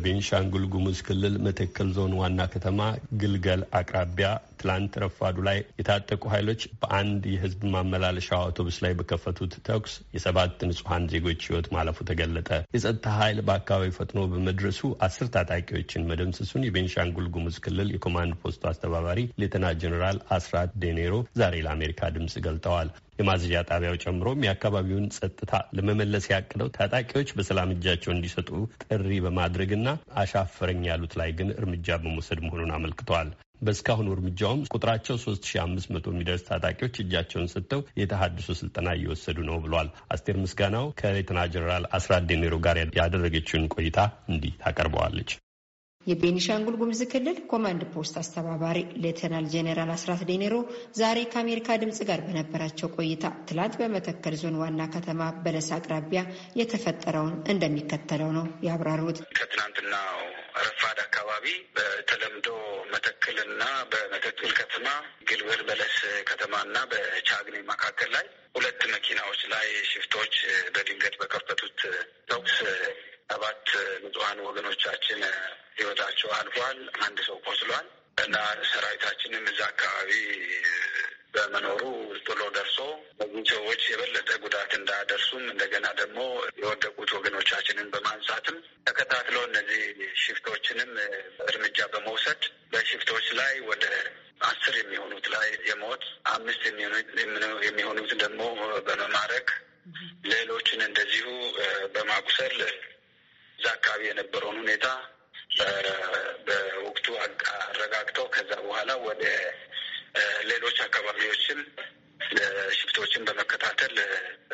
በቤንሻንጉል ጉሙዝ ክልል መተከል ዞን ዋና ከተማ ግልገል አቅራቢያ ትላንት ረፋዱ ላይ የታጠቁ ኃይሎች በአንድ የህዝብ ማመላለሻ አውቶቡስ ላይ በከፈቱት ተኩስ የሰባት ንጹሐን ዜጎች ህይወት ማለፉ ተገለጠ። የጸጥታ ኃይል በአካባቢው ፈጥኖ በመድረሱ አስር ታጣቂዎችን መደምሰሱን የቤኒሻንጉል ጉሙዝ ክልል የኮማንድ ፖስቱ አስተባባሪ ሌተና ጀኔራል አስራት ዴኔሮ ዛሬ ለአሜሪካ ድምጽ ገልጠዋል። የማዝዣ ጣቢያው ጨምሮም የአካባቢውን ጸጥታ ለመመለስ ያቅደው ታጣቂዎች በሰላም እጃቸው እንዲሰጡ ጥሪ በማድረግና አሻፈረኝ ያሉት ላይ ግን እርምጃ በመውሰድ መሆኑን አመልክተዋል። በእስካሁኑ እርምጃውም ቁጥራቸው 3500 የሚደርስ ታጣቂዎች እጃቸውን ሰጥተው የተሃድሶ ስልጠና እየወሰዱ ነው ብሏል። አስቴር ምስጋናው ከሌተና ጀነራል አስራት ዴኔሮ ጋር ያደረገችውን ቆይታ እንዲህ ታቀርበዋለች። የቤኒሻንጉል ጉምዝ ክልል ኮማንድ ፖስት አስተባባሪ ሌተናል ጄኔራል አስራት ዴኔሮ ዛሬ ከአሜሪካ ድምፅ ጋር በነበራቸው ቆይታ ትላንት በመተከል ዞን ዋና ከተማ በለስ አቅራቢያ የተፈጠረውን እንደሚከተለው ነው ያብራሩት። ከትናንትና ረፋድ አካባቢ በተለምዶ መተክልና በመተክል ከተማ ግልብር በለስ ከተማና በቻግኔ መካከል ላይ ሁለት መኪናዎች ላይ ሽፍቶች በድንገት በከፈቱት ተኩስ ሰባት ንጹሐን ወገኖቻችን ህይወታቸው አልፏል። አንድ ሰው ቆስሏል እና ሰራዊታችንም እዛ አካባቢ በመኖሩ ቶሎ ደርሶ በዚህ ሰዎች የበለጠ ጉዳት እንዳደርሱም እንደገና ደግሞ የወደቁት ወገኖቻችንን በማንሳትም ተከታትሎ እነዚህ ሽፍቶችንም እርምጃ በመውሰድ በሽፍቶች ላይ ወደ አስር የሚሆኑት ላይ የሞት አምስት የሚሆኑት ደግሞ በመማረክ ሌሎችን እንደዚሁ በማቁሰል እዛ አካባቢ የነበረውን ሁኔታ በወቅቱ አረጋግጠው ከዛ በኋላ ወደ ሌሎች አካባቢዎችም ለሽፍቶችን በመከታተል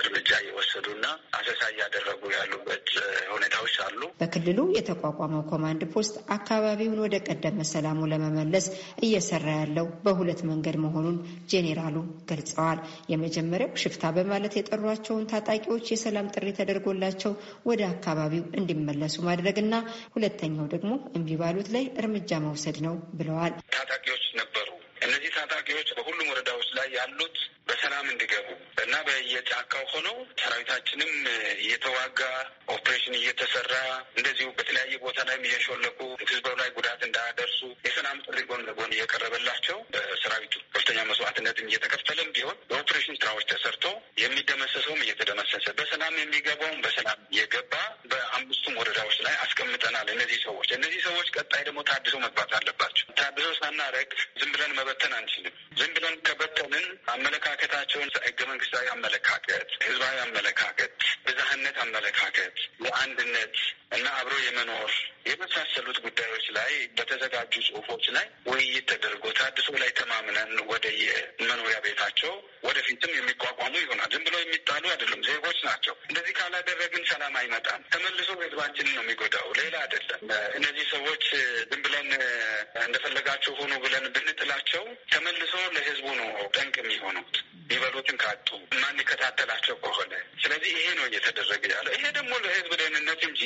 እርምጃ እየወሰዱና አሰሳ እያደረጉ ያሉበት ሁኔታዎች አሉ። በክልሉ የተቋቋመው ኮማንድ ፖስት አካባቢውን ወደ ቀደመ ሰላሙ ለመመለስ እየሰራ ያለው በሁለት መንገድ መሆኑን ጄኔራሉ ገልጸዋል። የመጀመሪያው ሽፍታ በማለት የጠሯቸውን ታጣቂዎች የሰላም ጥሪ ተደርጎላቸው ወደ አካባቢው እንዲመለሱ ማድረግ እና ሁለተኛው ደግሞ እምቢ ባሉት ላይ እርምጃ መውሰድ ነው ብለዋል። ታጣቂዎች ነበሩ። እነዚህ ታጣቂዎች በሁሉም ወረዳዎች ላይ ያሉት ሰላም እንዲገቡ እና በየጫካው ሆነው ሰራዊታችንም እየተዋጋ ኦፕሬሽን እየተሰራ እንደዚሁ በተለያየ ቦታ ላይም እየሾለኩ ህዝበው ላይ ጉዳት እንዳያደርሱ የሰላም ጥሪ ጎን ለጎን እየቀረበላቸው በሰራዊቱ ከፍተኛ መስዋዕትነትም እየተከፈለም ቢሆን የኦፕሬሽን ስራዎች ተሰርቶ የሚደመሰሰውም እየተደመሰሰ በሰላም የሚገባውም በሰላም እየገባ በአምስቱም ወረዳዎች ላይ አስቀምጠናል። እነዚህ ሰዎች እነዚህ ሰዎች ቀጣይ ደግሞ ታድሰው መግባት አለባቸው። ዜሮ ሳናረግ ዝም ብለን መበተን አንችልም። ዝም ብለን ከበተንን አመለካከታቸውን ህገ መንግስታዊ አመለካከት፣ ህዝባዊ አመለካከት፣ ብዝሃነት አመለካከት፣ የአንድነት እና አብሮ የመኖር የመሳሰሉት ጉዳዮች ላይ በተዘጋጁ ጽሁፎች ላይ ውይይት ተደርጎ ታድሶ ላይ ተማምነን ወደ የመኖሪያ ቤታቸው ወደፊትም የሚቋቋሙ ይሆናል። ዝም ብሎ የሚጣሉ አይደሉም፣ ዜጎች ናቸው። እንደዚህ ካላደረግን ሰላም አይመጣም። ተመልሶ ህዝባችንን ነው የሚጎዳው፣ ሌላ አይደለም። እነዚህ ሰዎች ዝም ብለን እንደፈለጋቸው ሆኖ ብለን ብንጥላቸው ተመልሶ ለህዝቡ ነው ጠንቅ የሚሆኑት ሚበሉትን ካጡ ማንከታተላቸው ከሆነ። ስለዚህ ይሄ ነው እየተደረገ ያለ። ይሄ ደግሞ ለህዝብ ደህንነት እንጂ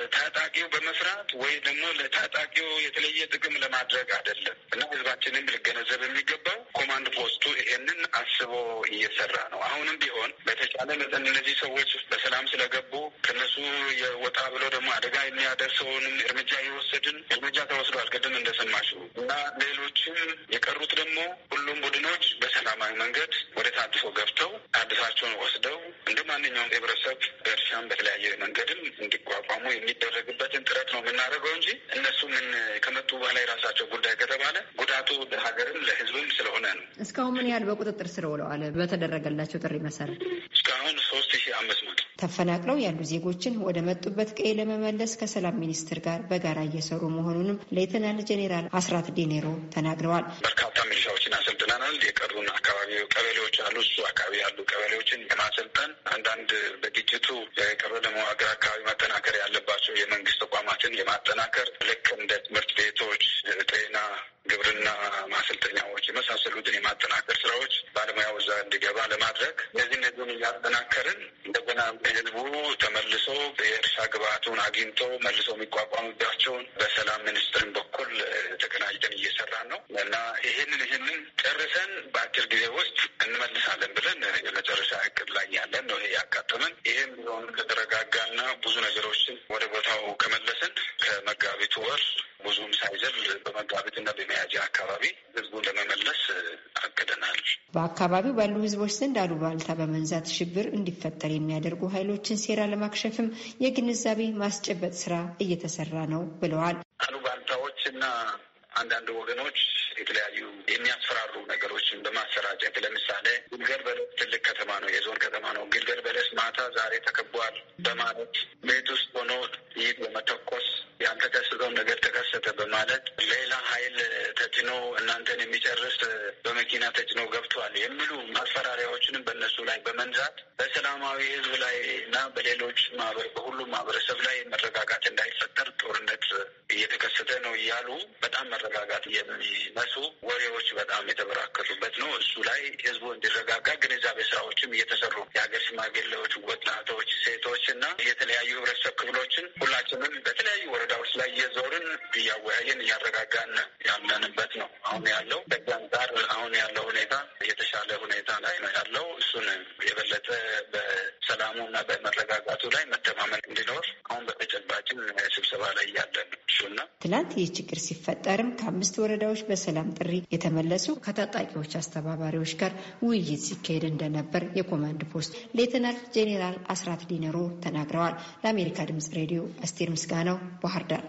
ለታጣቂው በመስራት ወይ ደግሞ ለታጣቂው የተለየ ጥቅም ለማድረግ አይደለም እና ህዝባችንም ሊገነዘብ የሚገባው ኮማንድ ፖስቱ ይሄንን አስቦ እየሰራ ነው። አሁንም ቢሆን በተቻለ መጠን እነዚህ ሰዎች በሰላም ስለገቡ ከነሱ የወጣ ብሎ ደግሞ አደጋ የሚያደርሰውንም እርምጃ የወሰድን እርምጃ ተወስዷል። ቅድም እንደሰማችሁ እና ሌሎችም የቀሩት ደግሞ ሁሉም ቡድኖች በሰላማዊ መንገድ ወደ ታድሶ ገብተው ታድሳቸውን ወስደው እንደ ማንኛውም ህብረተሰብ በእርሻም በተለያየ መንገድም እንዲቋቋሙ የሚደረግበትን ጥረት ነው የምናደርገው እንጂ እነሱ ምን ከመጡ በኋላ የራሳቸው ጉዳይ ከተባለ ጉዳቱ ለሀገርም ለሕዝብም ስለሆነ ነው። እስካሁን ምን ያህል በቁጥጥር ስር ውለዋል? በተደረገላቸው ጥሪ መሰረት እስካሁን ሶስት ሺ አምስት መቶ ተፈናቅለው ያሉ ዜጎችን ወደ መጡበት ቀይ ለመመለስ ከሰላም ሚኒስትር ጋር በጋራ እየሰሩ መሆኑንም ሌተናል ጄኔራል አስራት ዴኔሮ ተናግረዋል። አሰልጥነናል። የቀሩን አካባቢ ቀበሌዎች አሉ። እሱ አካባቢ ያሉ ቀበሌዎችን የማሰልጠን አንዳንድ በግጭቱ የቀሩ ደግሞ ሀገር አካባቢ ማጠናከር ያለባቸው የመንግስት ተቋማትን የማጠናከር ልክ እንደ ትምህርት ቤቶች ሰራተኛዎች የመሳሰሉትን የማጠናከር ስራዎች ባለሙያው እዛ እንዲገባ ለማድረግ እነዚህ እነዚህን እያጠናከርን እንደገና ህዝቡ ተመልሶ የእርሻ ግብአቱን አግኝቶ መልሶ የሚቋቋምባቸውን በሰላም ሚኒስትርን በኩል ተቀናጅተን እየሰራን ነው እና ይህንን ይህንን ጨርሰን በአጭር ጊዜ ውስጥ እንመልሳለን ብለን የመጨረሻ እቅድ ላይ ያለን ነው። ይሄ ያጋጠመን ይህም ቢሆን ከተረጋጋና ብዙ ነገሮችን ወደ ቦታው ከመለስን ከመጋቢቱ ወር ብዙም ሳይዘል በመጋቢትና በመያዣ አካባቢ ህዝቡ ለመመለስ አቅደናል። በአካባቢው ባሉ ህዝቦች ዘንድ አሉባልታ በመንዛት ሽብር እንዲፈጠር የሚያደርጉ ኃይሎችን ሴራ ለማክሸፍም የግንዛቤ ማስጨበጥ ስራ እየተሰራ ነው ብለዋል። አሉባልታዎች እና አንዳንድ ወገኖች የተለያዩ የሚያስፈራሩ ነገሮችን በማሰራጨት ለምሳሌ ግልገል በለስ ትልቅ ከተማ ነው፣ የዞን ከተማ ነው። ግልገል በለስ ማታ ዛሬ ተከቧል በማለት ቤት ውስጥ ሆኖ ይህ በመታ ተጭኖ እናንተን የሚጨርስ በመኪና ተጭኖ ገብቷል የሚሉ ማስፈራሪያዎችንም በእነሱ ላይ በመንዛት በሰላማዊ ህዝብ ላይ እና በሌሎች በሁሉም ማህበረሰብ ላይ ያሉ በጣም መረጋጋት የሚነሱ ወሬዎች በጣም የተበራከቱበት ነው። እሱ ላይ ህዝቡ እንዲረጋጋ ግንዛቤ ስራዎችም እየተሰሩ የሀገር ሽማግሌዎች፣ ወጣቶች፣ ሴቶች እና የተለያዩ ህብረተሰብ ክፍሎችን ሁላችንም በተለያዩ ወረዳዎች ላይ እየዞርን እያወያየን እያረጋጋን ያለንበት ነው አሁን ያለው። ከዚያ አንጻር አሁን ያለው ሁኔታ ይህ ችግር ሲፈጠርም ከአምስት ወረዳዎች በሰላም ጥሪ የተመለሱ ከታጣቂዎች አስተባባሪዎች ጋር ውይይት ሲካሄድ እንደነበር የኮማንድ ፖስት ሌተናል ጄኔራል አስራት ዲነሮ ተናግረዋል። ለአሜሪካ ድምጽ ሬዲዮ አስቴር ምስጋናው ባህር ዳር